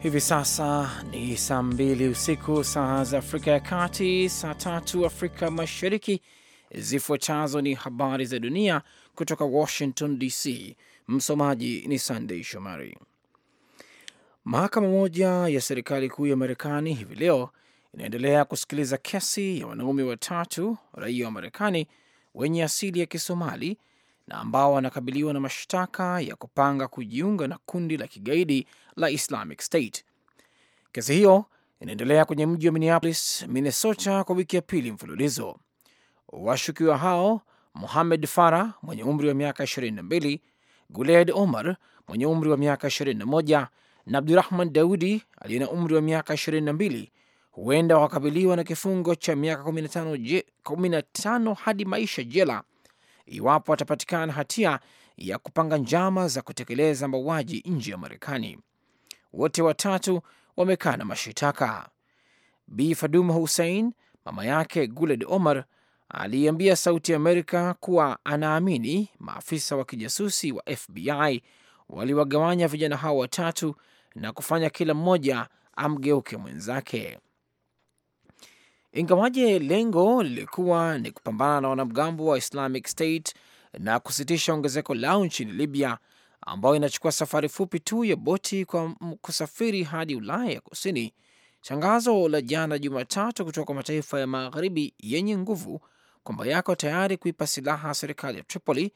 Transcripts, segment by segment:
Hivi sasa ni saa mbili usiku saa za Afrika ya Kati, saa tatu Afrika Mashariki. Zifuatazo ni habari za dunia kutoka Washington DC. Msomaji ni Sandei Shomari. Mahakama moja ya serikali kuu ya Marekani hivi leo inaendelea kusikiliza kesi ya wanaume watatu raia wa Marekani wenye asili ya Kisomali na ambao wanakabiliwa na mashtaka ya kupanga kujiunga na kundi la kigaidi la Islamic State. Kesi hiyo inaendelea kwenye mji wa Minneapolis, Minnesota kwa wiki ya pili mfululizo. Washukiwa hao muhamed Farah mwenye umri wa miaka 22, Guled Omar mwenye umri wa miaka 21 na Abdurahman Daudi aliye na umri wa miaka 22 huenda wakakabiliwa na kifungo cha miaka 15 hadi maisha jela iwapo atapatikana hatia ya kupanga njama za kutekeleza mauaji nje ya Marekani. Wote watatu wamekana mashitaka. Bi Faduma Hussein, mama yake Guled Omar, aliambia Sauti Amerika kuwa anaamini maafisa wa kijasusi wa FBI waliwagawanya vijana hao watatu na kufanya kila mmoja amgeuke mwenzake ingawaje lengo lilikuwa ni kupambana na wanamgambo wa Islamic State na kusitisha ongezeko lao nchini Libya, ambayo inachukua safari fupi tu ya boti kwa kusafiri hadi Ulaya ya Kusini. Tangazo la jana Jumatatu kutoka kwa mataifa ya magharibi yenye nguvu kwamba yako tayari kuipa silaha serikali ya Tripoli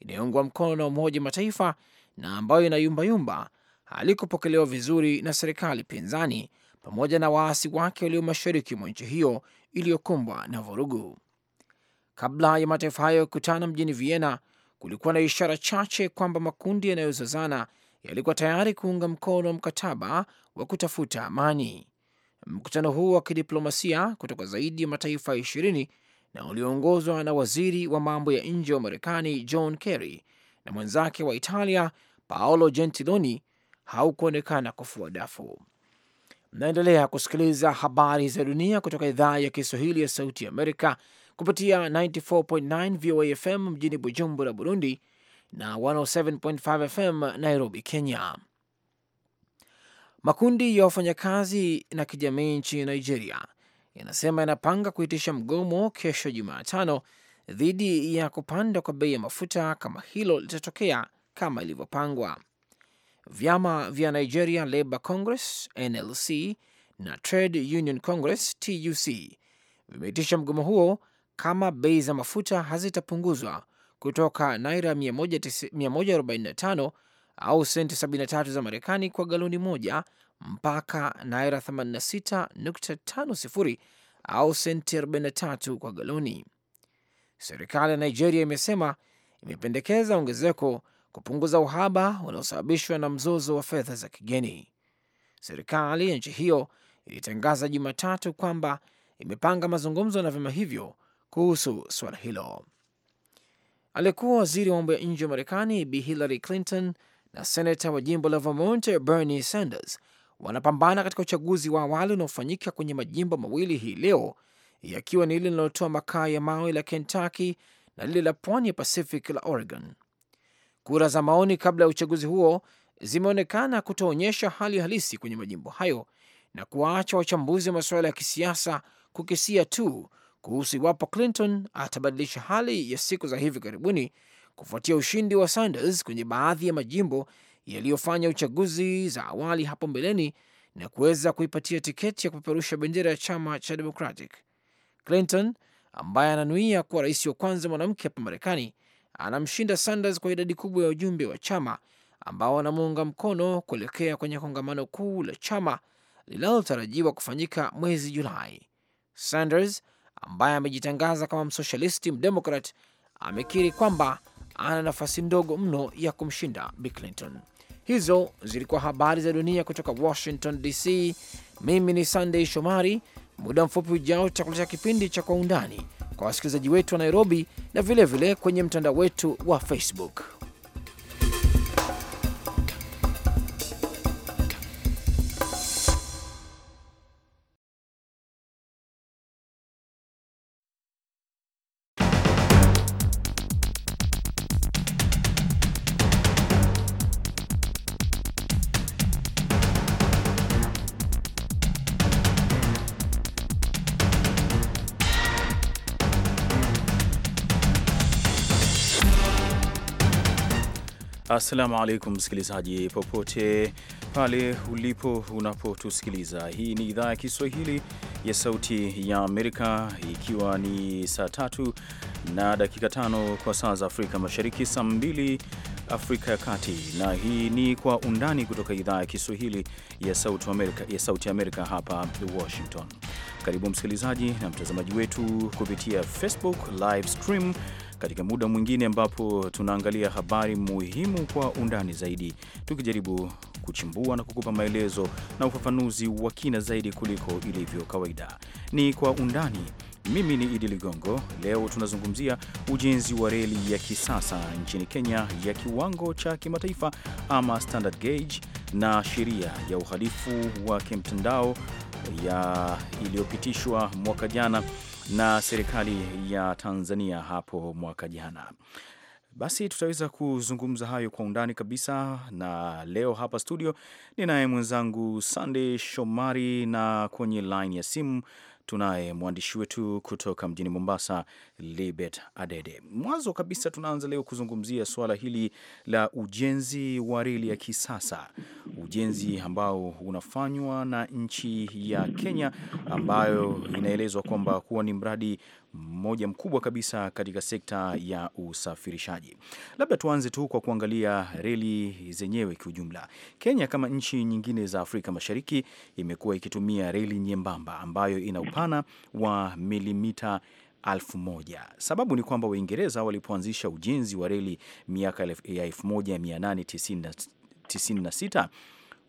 inayoungwa mkono na Umoja Mataifa na ambayo inayumbayumba halikupokelewa vizuri na serikali pinzani pamoja na waasi wake walio mashariki mwa nchi hiyo iliyokumbwa na vurugu. Kabla ya mataifa hayo kukutana mjini Vienna, kulikuwa na ishara chache kwamba makundi yanayozozana yalikuwa tayari kuunga mkono mkataba wa kutafuta amani. Mkutano huu wa kidiplomasia kutoka zaidi ya mataifa ishirini na ulioongozwa na waziri wa mambo ya nje wa Marekani John Kerry na mwenzake wa Italia Paolo Gentiloni haukuonekana kufua dafu. Mnaendelea kusikiliza habari za dunia kutoka idhaa ya Kiswahili ya Sauti Amerika kupitia 94.9 VOA FM mjini Bujumbura, Burundi na 107.5 FM Nairobi, Kenya. Makundi ya wafanyakazi na kijamii nchini Nigeria yanasema yanapanga kuitisha mgomo kesho Jumatano dhidi ya kupanda kwa bei ya mafuta kama hilo litatokea kama ilivyopangwa. Vyama vya Nigeria Labour Congress NLC na Trade Union Congress TUC vimeitisha mgomo huo kama bei za mafuta hazitapunguzwa kutoka naira 145 au senti 73 za Marekani kwa galoni moja mpaka naira 86.50 au senti 43 kwa galoni. Serikali ya Nigeria imesema imependekeza ongezeko kupunguza uhaba unaosababishwa na mzozo wa fedha za kigeni. Serikali ya nchi hiyo ilitangaza Jumatatu kwamba imepanga mazungumzo na vyama hivyo kuhusu suala hilo. Aliyekuwa waziri wa mambo ya nje wa Marekani Bi Hillary Clinton na senata wa jimbo la Vermont Bernie Sanders wanapambana katika uchaguzi wa awali unaofanyika kwenye majimbo mawili hii leo, yakiwa ni lile linalotoa makaa ya mawe la Kentucky na lile la pwani ya Pacific la Oregon. Kura za maoni kabla ya uchaguzi huo zimeonekana kutoonyesha hali halisi kwenye majimbo hayo na kuwaacha wachambuzi wa masuala ya kisiasa kukisia tu kuhusu iwapo Clinton atabadilisha hali ya siku za hivi karibuni kufuatia ushindi wa Sanders kwenye baadhi ya majimbo yaliyofanya uchaguzi za awali hapo mbeleni na kuweza kuipatia tiketi ya kupeperusha bendera ya chama cha Democratic. Clinton ambaye ananuia kuwa rais wa kwanza mwanamke hapa Marekani anamshinda Sanders kwa idadi kubwa ya ujumbe wa chama ambao wanamuunga mkono kuelekea kwenye kongamano kuu la chama linalotarajiwa kufanyika mwezi Julai. Sanders ambaye amejitangaza kama msosialisti mdemokrat amekiri kwamba ana nafasi ndogo mno ya kumshinda Bill Clinton. Hizo zilikuwa habari za dunia kutoka Washington DC. Mimi ni Sandey Shomari. Muda mfupi ujao, tutakuletea kipindi cha Kwa Undani kwa wasikilizaji wetu wa Nairobi na vilevile vile kwenye mtandao wetu wa Facebook. Assalamu alaikum msikilizaji, popote pale ulipo unapotusikiliza, hii ni idhaa ya Kiswahili ya Sauti ya Amerika, ikiwa ni saa tatu na dakika tano kwa saa za Afrika Mashariki, saa mbili Afrika ya Kati, na hii ni Kwa Undani kutoka idhaa ya Kiswahili ya Sauti Amerika, ya Sauti Amerika hapa Washington. Karibu msikilizaji na mtazamaji wetu kupitia Facebook live stream katika muda mwingine ambapo tunaangalia habari muhimu kwa undani zaidi, tukijaribu kuchimbua na kukupa maelezo na ufafanuzi wa kina zaidi kuliko ilivyo kawaida. Ni kwa undani. Mimi ni Idi Ligongo. Leo tunazungumzia ujenzi wa reli ya kisasa nchini Kenya ya kiwango cha kimataifa ama standard gauge, na sheria ya uhalifu wa kimtandao ya iliyopitishwa mwaka jana na serikali ya Tanzania hapo mwaka jana. Basi tutaweza kuzungumza hayo kwa undani kabisa, na leo hapa studio ninaye mwenzangu Sande Shomari, na kwenye lin ya simu tunaye mwandishi wetu kutoka mjini Mombasa, Libet Adede. Mwanzo kabisa, tunaanza leo kuzungumzia suala hili la ujenzi wa reli ya kisasa, ujenzi ambao unafanywa na nchi ya Kenya, ambayo inaelezwa kwamba kuwa ni mradi mmoja mkubwa kabisa katika sekta ya usafirishaji. Labda tuanze tu kwa kuangalia reli zenyewe kiujumla. Kenya kama nchi nyingine za Afrika Mashariki imekuwa ikitumia reli nyembamba ambayo ina upana wa milimita elfu moja. Sababu ni kwamba Waingereza walipoanzisha ujenzi wa reli miaka ya 1896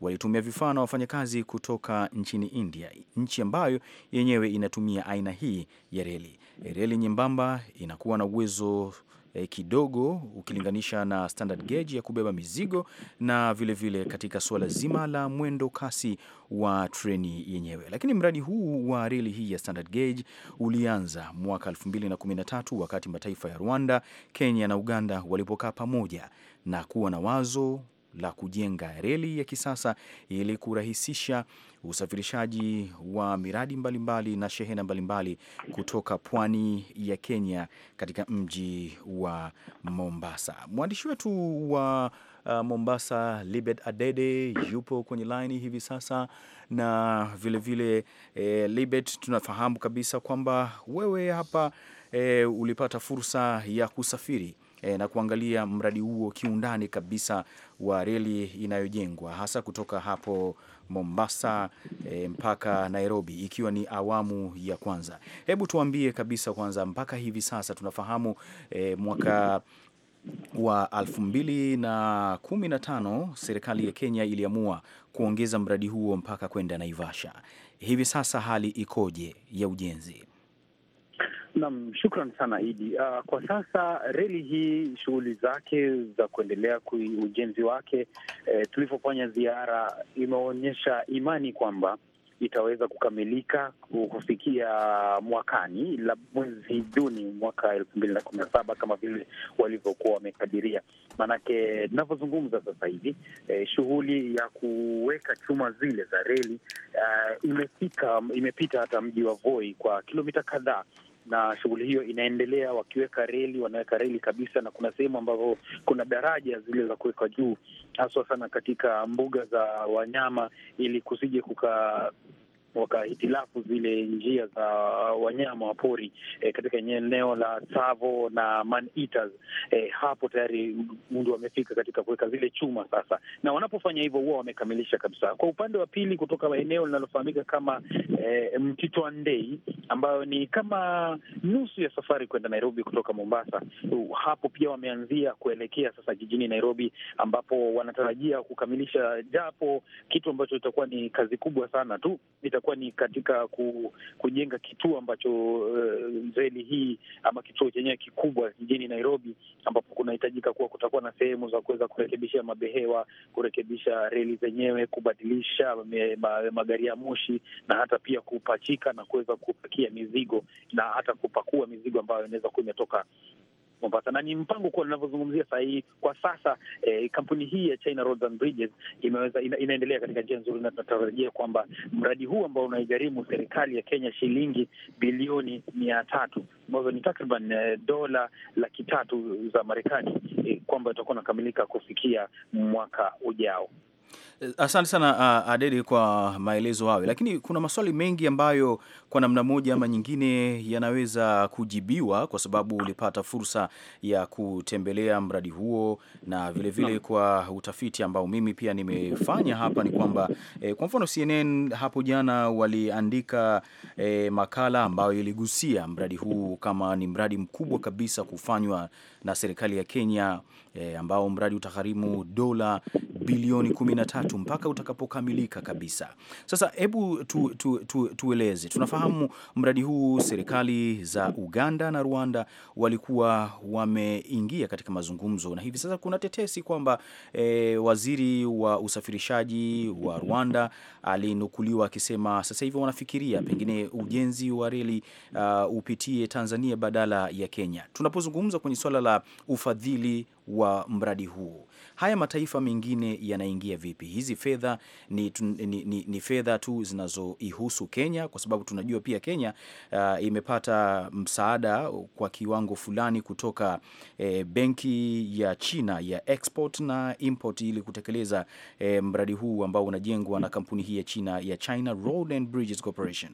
walitumia vifaa na wafanyakazi kutoka nchini India, nchi ambayo yenyewe inatumia aina hii ya reli. Reli nyembamba inakuwa na uwezo e, kidogo ukilinganisha na standard gauge ya kubeba mizigo na vilevile vile katika suala zima la mwendo kasi wa treni yenyewe. Lakini mradi huu wa reli hii ya standard gauge ulianza mwaka 2013 wakati mataifa ya Rwanda, Kenya na Uganda walipokaa pamoja na kuwa na wazo la kujenga reli ya kisasa ili kurahisisha usafirishaji wa miradi mbalimbali mbali na shehena mbalimbali mbali kutoka pwani ya Kenya katika mji wa Mombasa. Mwandishi wetu wa uh, Mombasa Libet Adede yupo kwenye laini hivi sasa na vilevile vile, eh, Libet, tunafahamu kabisa kwamba wewe hapa eh, ulipata fursa ya kusafiri e, na kuangalia mradi huo kiundani kabisa wa reli inayojengwa hasa kutoka hapo Mombasa e, mpaka Nairobi ikiwa ni awamu ya kwanza. Hebu tuambie kabisa kwanza, mpaka hivi sasa tunafahamu e, mwaka wa 2015 serikali ya Kenya iliamua kuongeza mradi huo mpaka kwenda Naivasha. Hivi sasa hali ikoje ya ujenzi? Nam, shukran sana Idi. Uh, kwa sasa reli hii shughuli zake za kuendelea kui ujenzi wake, eh, tulivyofanya ziara imeonyesha imani kwamba itaweza kukamilika kufikia mwakani la mwezi Juni mwaka elfu mbili na kumi na saba kama vile walivyokuwa wamekadiria. Maanake tunavyozungumza sasa hivi eh, shughuli ya kuweka chuma zile za reli uh, imefika imepita hata mji wa Voi kwa kilomita kadhaa na shughuli hiyo inaendelea. Wakiweka reli, wanaweka reli kabisa, na kuna sehemu ambazo kuna daraja zile za kuwekwa juu, haswa sana katika mbuga za wanyama, ili kusije kuka wakahitilafu zile njia za wanyama wa pori e, katika eneo la Tsavo na man eaters e, hapo tayari mundu wamefika katika kuweka zile chuma sasa, na wanapofanya hivyo huwa wamekamilisha kabisa. Kwa upande wa pili, kutoka eneo linalofahamika kama e, Mtito ambayo ni kama nusu ya safari kwenda Nairobi kutoka Mombasa, hapo pia wameanzia kuelekea sasa jijini Nairobi, ambapo wanatarajia kukamilisha japo kitu ambacho itakuwa ni kazi kubwa sana tu itakuwa ni katika ku, kujenga kituo ambacho uh, reli hii ama kituo chenyewe kikubwa jijini Nairobi, ambapo kunahitajika kuwa kutakuwa na sehemu za kuweza kurekebisha mabehewa, kurekebisha reli zenyewe, kubadilisha magari ya moshi na hata pia kupachika na kuweza kupakia mizigo na hata kupakua mizigo ambayo inaweza kuwa imetoka Mombasa, na ni mpango kuwa linavyozungumzia hii kwa sasa. Eh, kampuni hii ya China Roads and Bridges imeweza ina, inaendelea katika njia nzuri, na tunatarajia kwamba mradi huu ambao unaigharimu serikali ya Kenya shilingi bilioni mia tatu ambazo ni takriban eh, dola laki tatu za Marekani eh, kwamba itakuwa inakamilika kufikia mwaka ujao. Asante sana uh, Adede kwa maelezo hayo, lakini kuna maswali mengi ambayo kwa namna moja ama nyingine yanaweza kujibiwa kwa sababu ulipata fursa ya kutembelea mradi huo, na vilevile vile kwa utafiti ambao mimi pia nimefanya hapa ni kwamba eh, kwa mfano CNN hapo jana waliandika eh, makala ambayo iligusia mradi huu kama ni mradi mkubwa kabisa kufanywa na serikali ya Kenya e, ambao mradi utagharimu dola bilioni 13 mpaka utakapokamilika kabisa. Sasa hebu tu, tu, tu, tueleze, tunafahamu mradi huu serikali za Uganda na Rwanda walikuwa wameingia katika mazungumzo, na hivi sasa kuna tetesi kwamba e, waziri wa usafirishaji wa Rwanda alinukuliwa akisema sasa hivi wanafikiria pengine ujenzi wa reli uh, upitie Tanzania badala ya Kenya. Tunapozungumza kwenye swala la ufadhili wa mradi huu. Haya mataifa mengine yanaingia vipi? Hizi fedha ni, ni, ni, ni fedha tu zinazoihusu Kenya, kwa sababu tunajua pia Kenya uh, imepata msaada kwa kiwango fulani kutoka eh, benki ya China ya export na import ili kutekeleza eh, mradi huu ambao unajengwa na kampuni hii ya China ya China Road and Bridges Corporation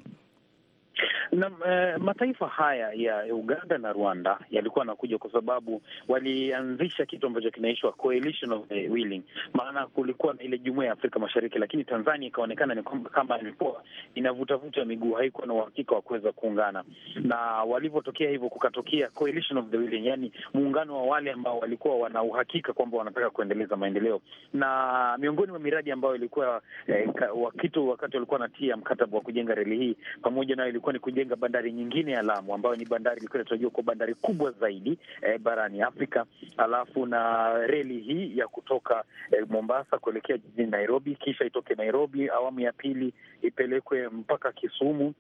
na e, mataifa haya ya Uganda na Rwanda yalikuwa nakuja kwa sababu walianzisha kitu ambacho kinaitwa coalition of the willing, maana kulikuwa na ile jumuiya ya Afrika Mashariki, lakini Tanzania ikaonekana ni kwamba kama ilikuwa inavutavuta miguu, haikuwa na uhakika wa kuweza kuungana, na walivyotokea hivyo kukatokea coalition of the willing, yani muungano wa wale ambao walikuwa wana uhakika kwamba wanataka kuendeleza maendeleo, na miongoni mwa miradi ambayo ilikuwa eh, wakitu wakati walikuwa wanatia mkataba wa kujenga reli hii pamoja nayo ilikuwa ni kujenga kujenga bandari nyingine ya Lamu ambayo ni bandari ilikuwa inatarajiwa kuwa bandari kubwa zaidi eh, barani Afrika, alafu na reli hii ya kutoka eh, Mombasa kuelekea jijini Nairobi, kisha itoke Nairobi awamu ya pili ipelekwe mpaka Kisumu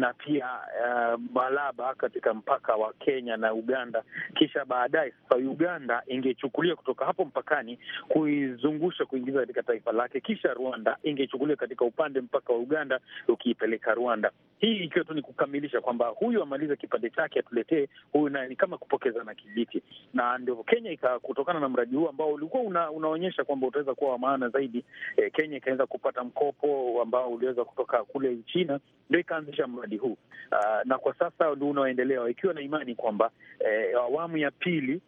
na pia uh, katika mpaka wa Kenya na Uganda, kisha baadaye sasa Uganda ingechukulia kutoka hapo mpakani kuizungusha kuingiza katika taifa lake, kisha Rwanda ingechukulia katika upande mpaka wa Uganda ukiipeleka Rwanda. Hii ikiwa tu ni kukamilisha kwamba huyu amaliza kipande chake atuletee huyu, naye ni kama kupokezana kijiti, na ndio Kenya ika, kutokana na mradi huu ambao ulikuwa una, unaonyesha kwamba utaweza kuwa wa maana zaidi eh, Kenya ikaweza kupata mkopo ambao uliweza kutoka kule China, ndio ikaanzisha mradi huu uh, na kwa sasa ndio unaoendelea ikiwa na imani kwamba eh, awamu ya pili,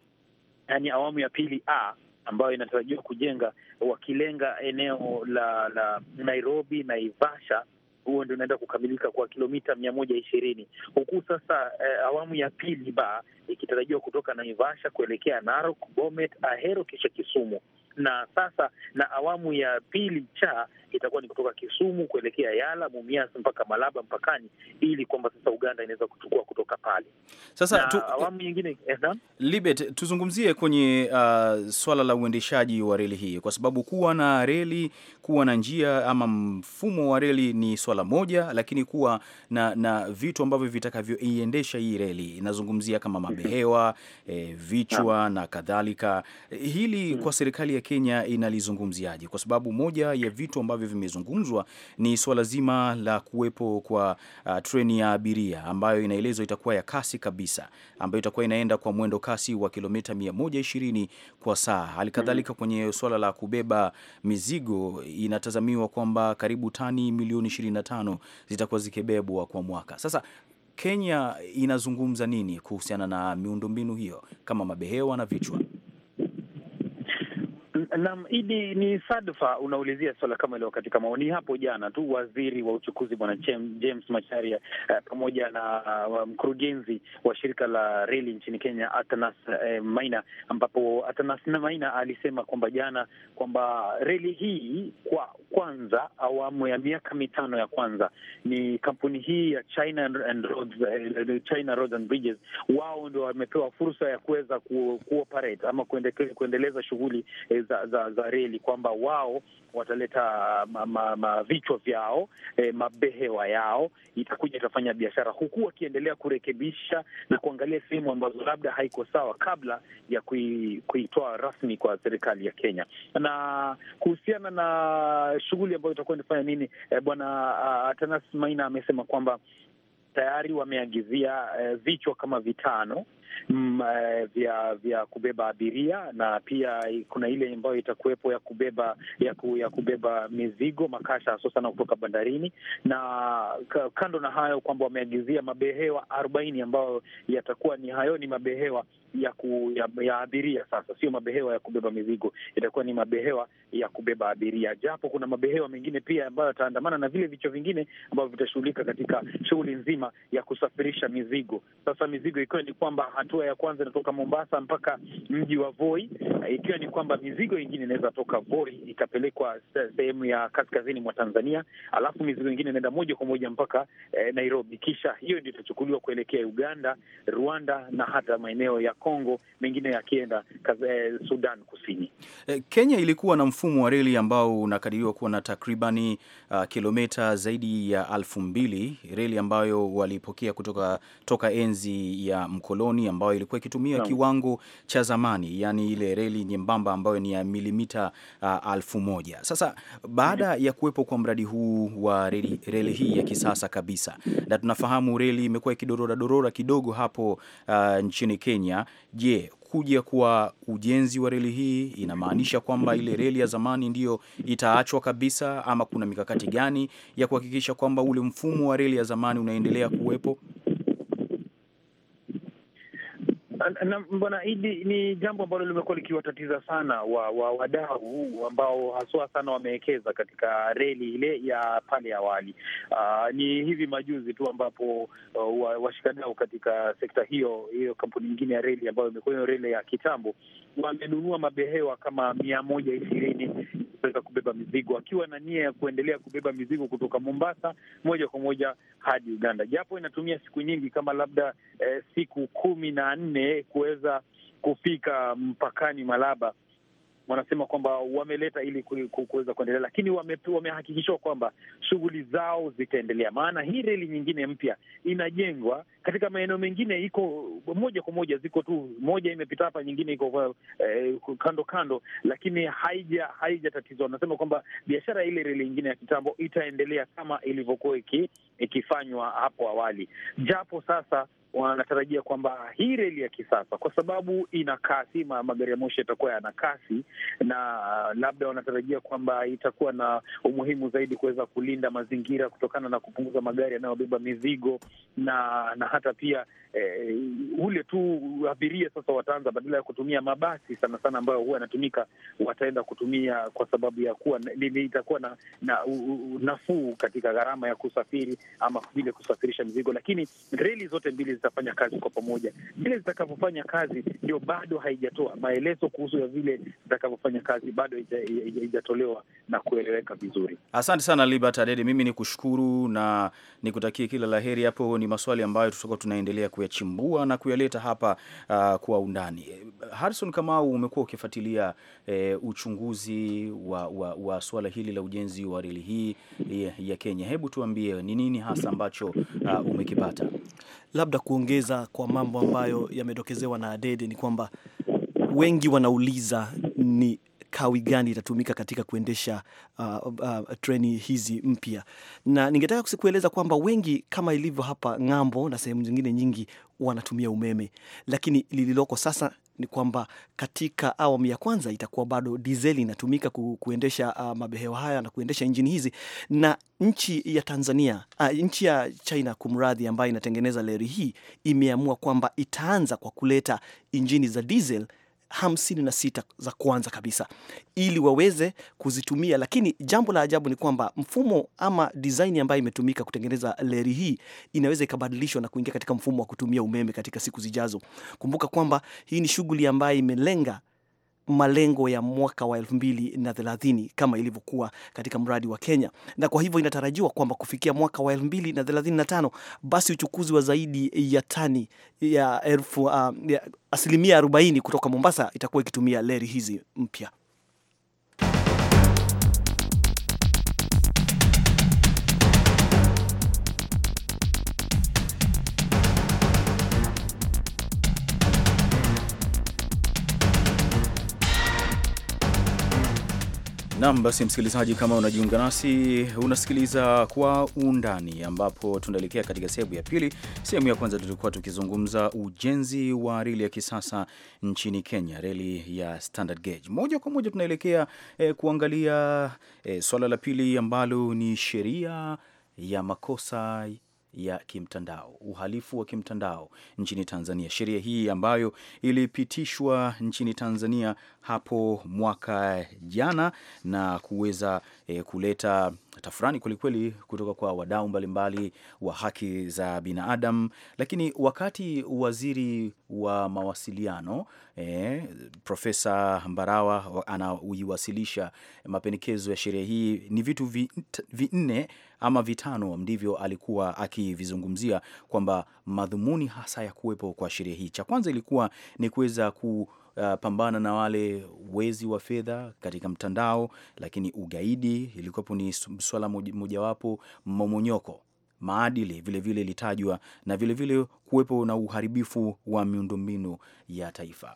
yani awamu ya pili a ambayo inatarajiwa kujenga wakilenga eneo la la Nairobi Naivasha, huo ndio unaenda kukamilika kwa kilomita mia moja ishirini huku sasa eh, awamu ya pili ba ikitarajiwa kutoka Naivasha kuelekea Narok, Bomet, Ahero kisha Kisumu na sasa na awamu ya pili cha itakuwa ni kutoka Kisumu kuelekea Yala, Mumias mpaka Malaba mpakani, ili kwamba sasa Uganda inaweza kuchukua kutoka pale sasa tu, awamu nyingine eh, Libet, tuzungumzie kwenye uh, swala la uendeshaji wa reli hii, kwa sababu kuwa na reli kuwa na njia ama mfumo wa reli ni swala moja, lakini kuwa na, na vitu ambavyo vitakavyoiendesha hii reli inazungumzia kama mabehewa eh, vichwa na kadhalika. Hili hmm. kwa serikali ya Kenya inalizungumziaje? Kwa sababu moja ya vitu ambavyo vimezungumzwa ni swala zima la kuwepo kwa uh, treni ya abiria ambayo inaelezwa itakuwa ya kasi kabisa, ambayo itakuwa inaenda kwa mwendo kasi wa kilomita 120 kwa saa. Halikadhalika, mhm. kwenye swala la kubeba mizigo inatazamiwa kwamba karibu tani milioni 25 zitakuwa zikibebwa kwa mwaka. Sasa Kenya inazungumza nini kuhusiana na miundombinu hiyo kama mabehewa na vichwa? Naam, Idi, ni sadfa unaulizia swala kama hilo. Katika maoni hapo jana tu, waziri wa uchukuzi bwana James Macharia eh, pamoja na uh, mkurugenzi wa shirika la reli nchini Kenya Atanas uh, eh, Maina, ambapo Atanas na Maina alisema kwamba jana kwamba reli hii kwa kwanza awamu ya miaka mitano ya kwanza ni kampuni hii ya China and Roads, eh, China Roads and Bridges, wao ndio wamepewa fursa ya kuweza kuoperate ama kuendeleza shughuli za za, za, reli kwamba wao wataleta mavichwa ma, ma vichwa vyao eh, mabehewa yao, itakuja itafanya biashara, huku wakiendelea kurekebisha na kuangalia sehemu ambazo labda haiko sawa kabla ya kui, kuitoa rasmi kwa serikali ya Kenya. Na kuhusiana na shughuli ambayo itakuwa inafanya nini, eh, bwana ah, Atanas Maina amesema kwamba tayari wameagizia e, vichwa kama vitano m, mm, eh, vya vya kubeba abiria na pia kuna ile ambayo itakuwepo ya kubeba ya, ku, ya kubeba mizigo makasha sana kutoka bandarini, na kando na hayo kwamba wameagizia mabehewa arobaini ambayo yatakuwa ni hayo ni mabehewa ya, ku, ya, ya abiria. Sasa sio mabehewa ya kubeba mizigo, itakuwa ni mabehewa ya kubeba abiria, japo kuna mabehewa mengine pia ambayo yataandamana na vile vichwa vingine ambavyo vitashughulika katika shughuli nzima ya kusafirisha mizigo. Sasa mizigo ikiwa ni kwamba hatua ya kwanza inatoka Mombasa mpaka mji wa Voi, ikiwa ni kwamba mizigo ingine inaweza toka Voi ikapelekwa sehemu ya kaskazini mwa Tanzania, alafu mizigo ingine inaenda moja kwa moja mpaka eh, Nairobi, kisha hiyo ndio itachukuliwa kuelekea Uganda, Rwanda na hata maeneo ya Kongo, mengine yakienda eh, Sudan Kusini. Eh, Kenya ilikuwa na mfumo wa reli ambao unakadiriwa kuwa na takribani uh, kilomita zaidi ya alfu mbili, reli ambayo walipokea kutoka toka enzi ya mkoloni ambayo ilikuwa ikitumia no. kiwango cha zamani, yani ile reli nyembamba ambayo ni ya milimita uh, alfu moja. Sasa baada ya kuwepo kwa mradi huu wa reli, reli hii ya kisasa kabisa, na tunafahamu reli imekuwa ikidorora dorora kidogo hapo uh, nchini Kenya. Je, kuja kwa ujenzi wa reli hii inamaanisha kwamba ile reli ya zamani ndiyo itaachwa kabisa, ama kuna mikakati gani ya kuhakikisha kwamba ule mfumo wa reli ya zamani unaendelea kuwepo? na Bwana ni jambo ambalo limekuwa likiwatatiza sana wa, wa wadau ambao haswa sana wamewekeza katika reli ile ya pale awali. Uh, ni hivi majuzi tu ambapo uh, washikadau katika sekta hiyo hiyo kampuni nyingine ya reli ambayo imekuwa hiyo reli ya kitambo wamenunua mabehewa kama mia moja ishirini kuweza kubeba mizigo, akiwa na nia ya kuendelea kubeba mizigo kutoka Mombasa moja kwa moja hadi Uganda, japo inatumia siku nyingi kama labda eh, siku kumi na nne kuweza kufika mpakani Malaba wanasema kwamba wameleta ili kuweza kuendelea, lakini wamehakikishwa kwamba shughuli zao zitaendelea, maana hii reli nyingine mpya inajengwa katika maeneo mengine, iko moja kwa moja, ziko tu moja imepita hapa, nyingine iko eh, kando kando, lakini haija haijatatizwa. Wanasema kwamba biashara ile reli nyingine ya kitambo itaendelea kama ilivyokuwa ikifanywa hapo awali, japo sasa wanatarajia kwamba hii reli ya kisasa, kwa sababu ina kasi, magari ya moshi yatakuwa yana kasi, na labda wanatarajia kwamba itakuwa na umuhimu zaidi kuweza kulinda mazingira kutokana na kupunguza magari yanayobeba mizigo na na hata pia eh, ule tu abiria sasa wataanza badala ya kutumia mabasi sana sana ambayo huwa yanatumika, wataenda kutumia kwa sababu ya kuwa itakuwa na, na nafuu katika gharama ya kusafiri ama vile kusafirisha mizigo, lakini reli zote mbili zitafanya kazi kwa pamoja. Vile zitakavyofanya kazi ndio bado haijatoa maelezo kuhusu ya vile zitakavyofanya kazi, bado haijatolewa na kueleweka vizuri. Asante sana Libert Adede, mimi ni kushukuru na nikutakie kila la heri. Hapo ni maswali ambayo tutakuwa tunaendelea kuyachimbua na kuyaleta hapa uh, kwa undani. Harrison Kamau, umekuwa ukifuatilia uh, uchunguzi wa, wa, wa swala hili la ujenzi wa reli hii ya Kenya. Hebu tuambie ni nini hasa ambacho uh, umekipata? labda kuongeza kwa mambo ambayo yamedokezewa na Adede ni kwamba wengi wanauliza ni kawi gani itatumika katika kuendesha uh, uh, treni hizi mpya, na ningetaka kusikueleza kwamba wengi kama ilivyo hapa ng'ambo na sehemu zingine nyingi wanatumia umeme, lakini lililoko sasa ni kwamba katika awamu ya kwanza itakuwa bado dizeli inatumika ku, kuendesha uh, mabehewa haya na kuendesha injini hizi, na nchi ya Tanzania uh, nchi ya China kumradhi, ambayo inatengeneza leri hii imeamua kwamba itaanza kwa kuleta injini za dizeli hamsini na sita za kwanza kabisa ili waweze kuzitumia. Lakini jambo la ajabu ni kwamba mfumo ama design ambayo imetumika kutengeneza leri hii inaweza ikabadilishwa na kuingia katika mfumo wa kutumia umeme katika siku zijazo. Kumbuka kwamba hii ni shughuli ambayo imelenga malengo ya mwaka wa 2030 kama ilivyokuwa katika mradi wa Kenya, na kwa hivyo inatarajiwa kwamba kufikia mwaka wa 2035 basi uchukuzi wa zaidi ya tani ya elfu uh, ya asilimia 40 kutoka Mombasa itakuwa ikitumia leri hizi mpya. Nam, basi msikilizaji, kama unajiunga nasi, unasikiliza Kwa Undani, ambapo tunaelekea katika sehemu ya pili. Sehemu ya kwanza tulikuwa tukizungumza ujenzi wa reli ya kisasa nchini Kenya, reli ya standard gauge. Moja kwa moja tunaelekea eh, kuangalia eh, swala la pili ambalo ni sheria ya makosa ya kimtandao, uhalifu wa kimtandao nchini Tanzania. Sheria hii ambayo ilipitishwa nchini Tanzania hapo mwaka jana na kuweza eh, kuleta tafurani kwelikweli kutoka kwa wadau mbalimbali wa haki za binadamu. Lakini wakati waziri wa mawasiliano eh, Profesa Mbarawa anaiwasilisha mapendekezo ya sheria hii, ni vitu vinne ama vitano ndivyo alikuwa akivizungumzia kwamba madhumuni hasa ya kuwepo kwa sheria hii. Cha kwanza ilikuwa ni kuweza ku uh, pambana na wale wezi wa fedha katika mtandao, lakini ugaidi ilikuwapo ni swala mojawapo, momonyoko maadili vilevile ilitajwa vile na vilevile kuwepo na uharibifu wa miundombinu ya taifa.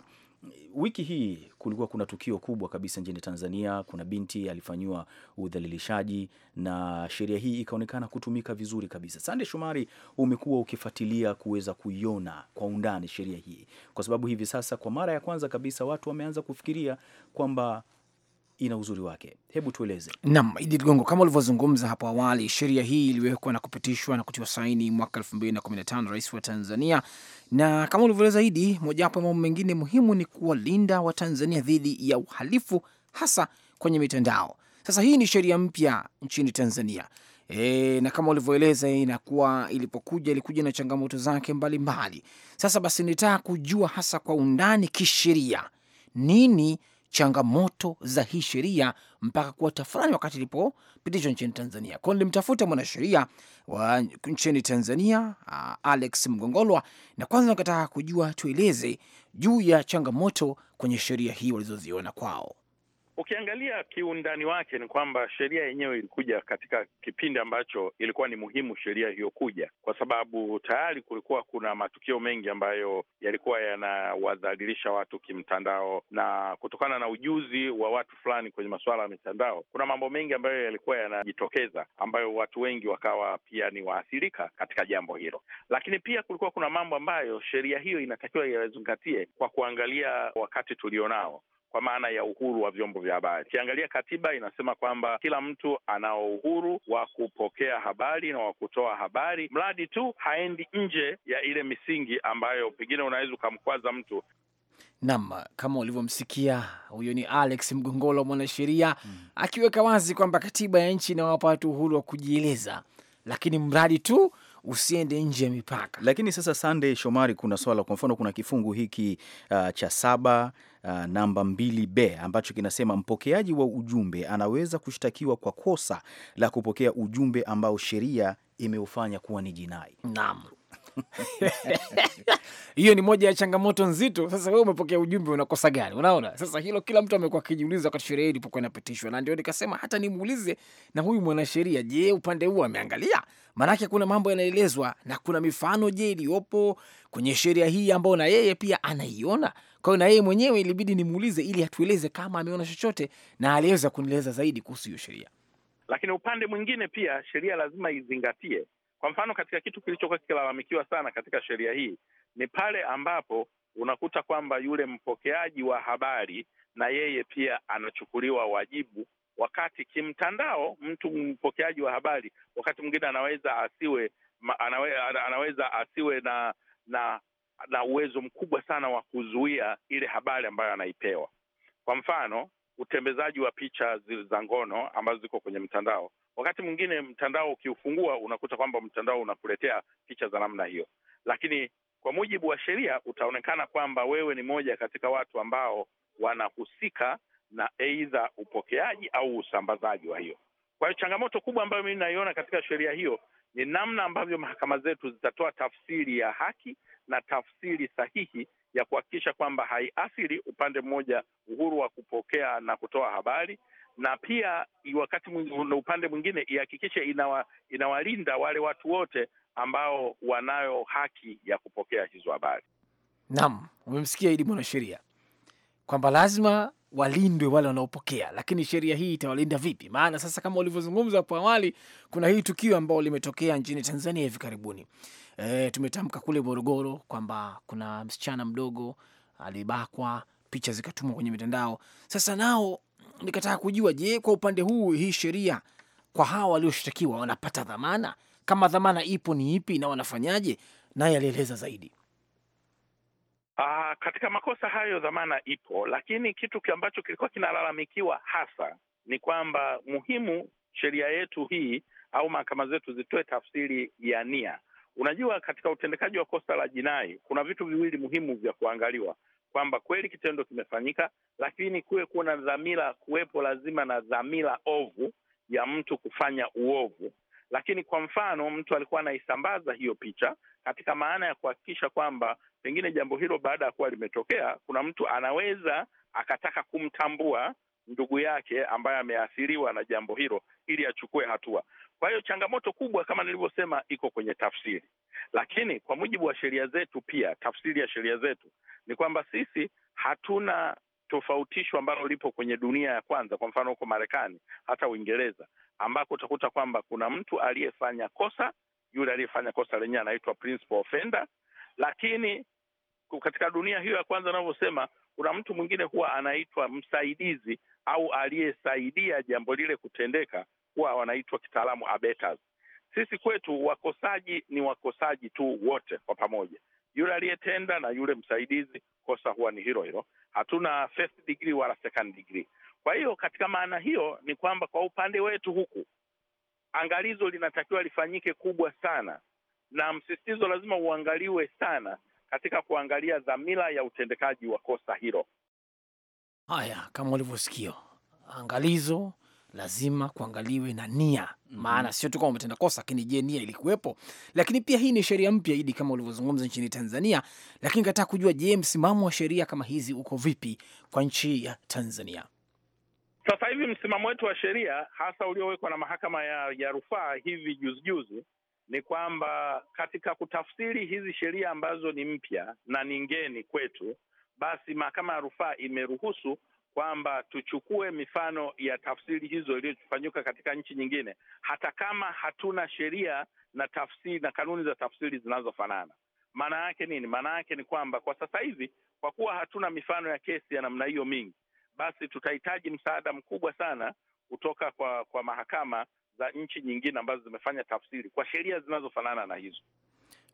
Wiki hii kulikuwa kuna tukio kubwa kabisa nchini Tanzania. Kuna binti alifanyiwa udhalilishaji na sheria hii ikaonekana kutumika vizuri kabisa. Sande Shumari, umekuwa ukifuatilia kuweza kuiona kwa undani sheria hii, kwa sababu hivi sasa kwa mara ya kwanza kabisa watu wameanza kufikiria kwamba ina uzuri wake. Hebu tueleze. Naam, Idi Ligongo, kama ulivyozungumza hapo awali, sheria hii iliwekwa na kupitishwa na kutiwa saini mwaka elfu mbili na kumi na tano rais wa Tanzania, na kama ulivyoeleza Idi, mojawapo ya mambo mengine muhimu ni kuwalinda Watanzania dhidi ya uhalifu hasa kwenye mitandao. Sasa hii ni sheria mpya nchini Tanzania. E, na kama ulivyoeleza inakuwa ilipokuja ilikuja na changamoto zake mbalimbali mbali. Sasa basi nitaka kujua hasa kwa undani kisheria nini changamoto za hii sheria mpaka kuwa tafurani wakati ilipopitishwa nchini Tanzania. Kwao nilimtafuta mwanasheria wa nchini Tanzania uh, Alex Mgongolwa, na kwanza nikataka kujua, tueleze juu ya changamoto kwenye sheria hii walizoziona kwao. Ukiangalia kiundani wake ni kwamba sheria yenyewe ilikuja katika kipindi ambacho ilikuwa ni muhimu sheria hiyo kuja, kwa sababu tayari kulikuwa kuna matukio mengi ambayo yalikuwa yanawadhalilisha watu kimtandao, na kutokana na ujuzi wa watu fulani kwenye masuala ya mitandao, kuna mambo mengi ambayo yalikuwa yanajitokeza ambayo watu wengi wakawa pia ni waathirika katika jambo hilo. Lakini pia kulikuwa kuna mambo ambayo sheria hiyo inatakiwa yazingatie kwa kuangalia wakati tulionao kwa maana ya uhuru wa vyombo vya habari. Ukiangalia katiba inasema kwamba kila mtu anao uhuru wa kupokea habari na wa kutoa habari, mradi tu haendi nje ya ile misingi ambayo pengine unaweza ukamkwaza mtu. Naam, kama ulivyomsikia huyo ni Alex Mgongolo, mwanasheria hmm, akiweka wazi kwamba katiba ya nchi inawapa watu uhuru wa kujieleza, lakini mradi tu usiende nje ya mipaka. Lakini sasa, Sunday Shomari, kuna swala, kwa mfano, kuna kifungu hiki uh, cha saba Uh, namba mbili b ambacho kinasema mpokeaji wa ujumbe anaweza kushtakiwa kwa kosa la kupokea ujumbe ambao sheria imeufanya kuwa ni jinai. Naam hiyo ni moja ya changamoto nzito. Sasa wewe umepokea ujumbe, unakosa gani? Unaona, sasa hilo kila mtu amekuwa akijiuliza wakati sheria hii ilipokuwa inapitishwa, na ndio nikasema hata nimuulize na huyu mwanasheria, je, upande huo ameangalia? Maanake kuna mambo yanaelezwa na kuna mifano, je, iliyopo kwenye sheria hii ambayo na yeye pia anaiona. Kwa hiyo na yeye mwenyewe ilibidi nimuulize ili atueleze kama ameona chochote, na aliweza kunieleza zaidi kuhusu hiyo sheria. Lakini upande mwingine pia sheria lazima izingatie kwa mfano, katika kitu kilichokuwa kikilalamikiwa sana katika sheria hii ni pale ambapo unakuta kwamba yule mpokeaji wa habari na yeye pia anachukuliwa wajibu, wakati kimtandao, mtu mpokeaji wa habari wakati mwingine anaweza asiwe anawe, anaweza asiwe na na na uwezo mkubwa sana wa kuzuia ile habari ambayo anaipewa. Kwa mfano utembezaji wa picha za ngono ambazo ziko kwenye mtandao. Wakati mwingine mtandao ukiufungua, unakuta kwamba mtandao unakuletea picha za namna hiyo, lakini kwa mujibu wa sheria utaonekana kwamba wewe ni moja katika watu ambao wanahusika na aidha upokeaji au usambazaji wa hiyo. Kwa hiyo changamoto kubwa ambayo mimi naiona katika sheria hiyo ni namna ambavyo mahakama zetu zitatoa tafsiri ya haki na tafsiri sahihi ya kuhakikisha kwamba haiathiri upande mmoja uhuru wa kupokea na kutoa habari, na pia wakati mwingine, upande mwingine ihakikishe inawa, inawalinda wale watu wote ambao wanayo haki ya kupokea hizo habari. Naam, umemsikia Idi mwanasheria kwamba lazima walindwe wale wanaopokea, lakini sheria hii itawalinda vipi? Maana sasa kama ulivyozungumza hapo awali, kuna hii tukio ambalo limetokea nchini Tanzania hivi karibuni E, tumetamka kule Morogoro kwamba kuna msichana mdogo alibakwa, picha zikatumwa kwenye mitandao. Sasa nao nikataka kujua, je, kwa upande huu hii sheria kwa hawa walioshtakiwa wanapata dhamana? Kama dhamana ipo ni ipi na wanafanyaje? Naye alieleza zaidi. Aa, ah, katika makosa hayo dhamana ipo, lakini kitu ambacho kilikuwa kinalalamikiwa hasa ni kwamba muhimu sheria yetu hii au mahakama zetu zitoe tafsiri ya nia Unajua, katika utendekaji wa kosa la jinai kuna vitu viwili muhimu vya kuangaliwa, kwamba kweli kitendo kimefanyika, lakini kuwe kuna dhamira, kuwepo lazima na dhamira ovu ya mtu kufanya uovu. Lakini kwa mfano, mtu alikuwa anaisambaza hiyo picha katika maana ya kuhakikisha kwamba pengine jambo hilo baada ya kuwa limetokea, kuna mtu anaweza akataka kumtambua ndugu yake ambaye ameathiriwa na jambo hilo ili achukue hatua. Kwa hiyo changamoto kubwa kama nilivyosema iko kwenye tafsiri, lakini kwa mujibu wa sheria zetu, pia tafsiri ya sheria zetu ni kwamba sisi hatuna tofautisho ambalo lipo kwenye dunia ya kwanza, kwa mfano huko Marekani, hata Uingereza, ambako utakuta kwamba kuna mtu aliyefanya kosa, yule aliyefanya kosa lenyewe anaitwa principal offender, lakini katika dunia hiyo ya kwanza anavyosema, kuna mtu mwingine huwa anaitwa msaidizi au aliyesaidia jambo lile kutendeka wanakuwa wanaitwa kitaalamu abetas. Sisi kwetu wakosaji ni wakosaji tu wote kwa pamoja, yule aliyetenda na yule msaidizi, kosa huwa ni hilo hilo. Hatuna first degree wala second degree. Kwa hiyo katika maana hiyo ni kwamba kwa upande wetu huku angalizo linatakiwa lifanyike kubwa sana, na msisitizo lazima uangaliwe sana katika kuangalia dhamira ya utendekaji wa kosa hilo. Haya, kama ulivyosikia, angalizo lazima kuangaliwe na nia mhm. Maana sio tu kama umetenda kosa, lakini je, nia ilikuwepo? Lakini pia hii ni sheria mpya idi, kama ulivyozungumza nchini Tanzania, lakini kataka kujua, je, msimamo wa sheria kama hizi uko vipi kwa nchi ya Tanzania? Sasa hivi msimamo wetu wa sheria hasa uliowekwa na mahakama ya, ya rufaa hivi juzi juzi ni kwamba katika kutafsiri hizi sheria ambazo ni mpya na ni ngeni kwetu, basi mahakama ya rufaa imeruhusu kwamba tuchukue mifano ya tafsiri hizo iliyofanyika katika nchi nyingine, hata kama hatuna sheria na tafsiri na kanuni za tafsiri zinazofanana. Maana yake nini? Maana yake ni kwamba kwa sasa hivi, kwa kuwa hatuna mifano ya kesi ya namna hiyo mingi, basi tutahitaji msaada mkubwa sana kutoka kwa kwa mahakama za nchi nyingine ambazo zimefanya tafsiri kwa sheria zinazofanana na hizo.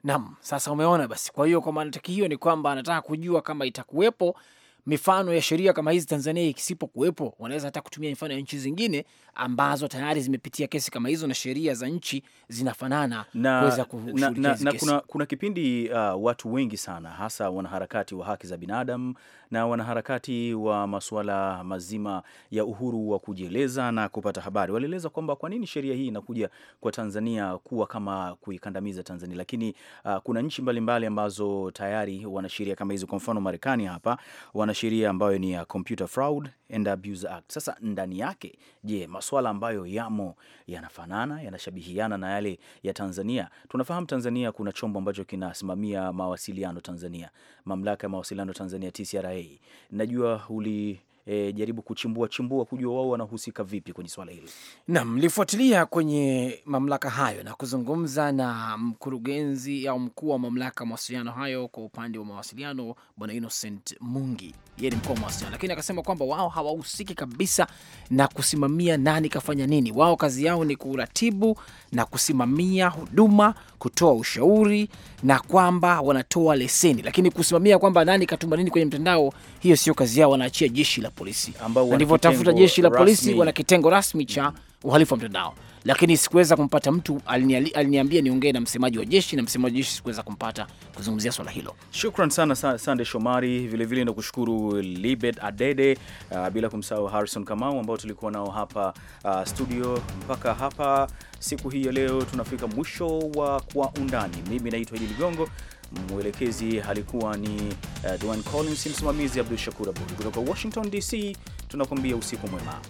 Naam, sasa umeona basi. Kwa hiyo kwa mantiki hiyo ni kwamba anataka kujua kama itakuwepo mifano ya sheria kama hizi Tanzania ikisipo kuwepo wanaweza hata kutumia mifano ya nchi zingine ambazo tayari zimepitia kesi kama hizo na sheria za nchi zinafanana na, kuweza na, na, na kuna, kuna kipindi uh, watu wengi sana hasa wanaharakati wa haki za binadamu na wanaharakati wa masuala mazima ya uhuru wa kujieleza na kupata habari walieleza kwamba kwa nini sheria hii inakuja kwa Tanzania kuwa kama kuikandamiza Tanzania, lakini uh, kuna nchi mbalimbali mbali ambazo tayari wana sheria kama hizo. Kwa mfano Marekani hapa wana sheria ambayo ni ya Computer Fraud and Abuse Act. Sasa ndani yake, je, masuala ambayo yamo yanafanana, yanashabihiana na yale ya Tanzania? Tunafahamu Tanzania kuna chombo ambacho kinasimamia mawasiliano Tanzania, mamlaka ya mawasiliano Tanzania, TCRA. Najua uli e, jaribu kuchimbua chimbua kujua wao wanahusika vipi kwenye swala hili. Naam, nilifuatilia kwenye mamlaka hayo na kuzungumza na mkurugenzi au mkuu wa mamlaka mawasiliano hayo kwa upande wa mawasiliano, Bwana Innocent Mungi, yeye ni mkuu wa mawasiliano, lakini akasema kwamba wao hawahusiki kabisa na kusimamia nani kafanya nini. Wao kazi yao ni kuratibu na kusimamia huduma, kutoa ushauri na kwamba wanatoa leseni, lakini kusimamia kwamba nani katuma nini kwenye mtandao, hiyo sio kazi yao, wanaachia jeshi la polisi, walivyotafuta jeshi la polisi wana kitengo rasmi cha uhalifu wa mtandao, lakini sikuweza kumpata mtu. Aliniambia niongee na msemaji wa jeshi, na msemaji wa jeshi sikuweza kumpata kuzungumzia swala hilo. Shukran sana Sande Shomari, vilevile nakushukuru Libet Adede, uh, bila kumsahau Harrison Kamau ambao tulikuwa nao hapa uh, studio. Mpaka hapa siku hii ya leo tunafika mwisho wa Kwa Undani. Mimi naitwa Idi Ligongo. Mwelekezi alikuwa ni uh, eh, Dwan Collins, msimamizi Abdul Shakur Abud kutoka Washington DC. Tunakuambia usiku mwema.